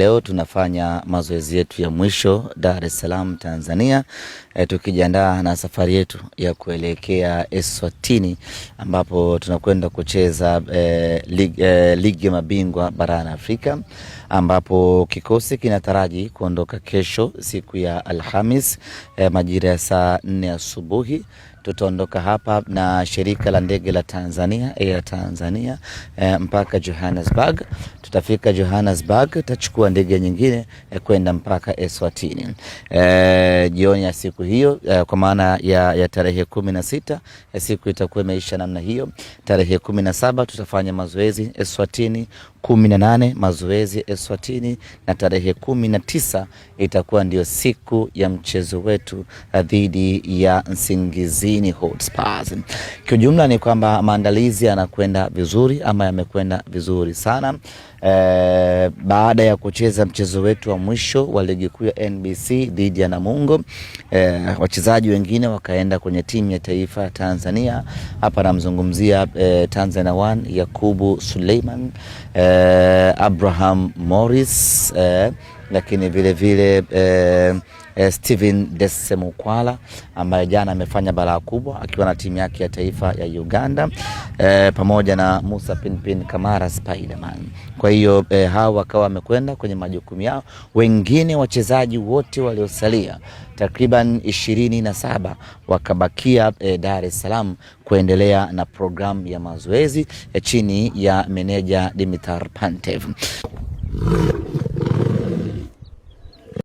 leo tunafanya mazoezi yetu ya mwisho Dar es Salaam Tanzania, e, tukijiandaa na safari yetu ya kuelekea Eswatini ambapo tunakwenda kucheza e, eh, ligi, e, eh, ligi ya mabingwa barani Afrika ambapo kikosi kinataraji kuondoka kesho siku ya Alhamis e, majira ya saa nne asubuhi tutaondoka hapa na shirika la ndege la Tanzania Air Tanzania e, mpaka Johannesburg. Tutafika Johannesburg, tutachukua ndege nyingine e, kwenda mpaka Eswatini e, jioni ya siku hiyo e, kwa maana ya, ya tarehe kumi na sita e, siku itakuwa imeisha namna hiyo. Tarehe kumi na saba tutafanya mazoezi Eswatini, kumi na nane mazoezi Eswatini, na tarehe kumi na tisa itakuwa ndio siku ya mchezo wetu dhidi ya Nsingizini. Mbini Hotspurs. Kiujumla ni kwamba maandalizi yanakwenda vizuri ama yamekwenda vizuri sana e, baada ya kucheza mchezo wetu wa mwisho wa ligi kuu ya NBC dhidi ya Namungo e, wachezaji wengine wakaenda kwenye timu ya taifa ya Tanzania. Hapa namzungumzia e, Tanzania One, Yakubu Suleiman, e, Abraham Morris e, lakini vilevile vile, eh, eh, Steven Desemukwala ambaye jana amefanya balaa kubwa akiwa na timu yake ya taifa ya Uganda eh, pamoja na Musa Pinpin Kamara Spiderman. Kwa hiyo eh, hawa wakawa wamekwenda kwenye majukumu yao. Wengine wachezaji wote waliosalia takriban ishirini na saba wakabakia eh, Dar es Salaam kuendelea na programu ya mazoezi eh, chini ya meneja Dimitar Pantev.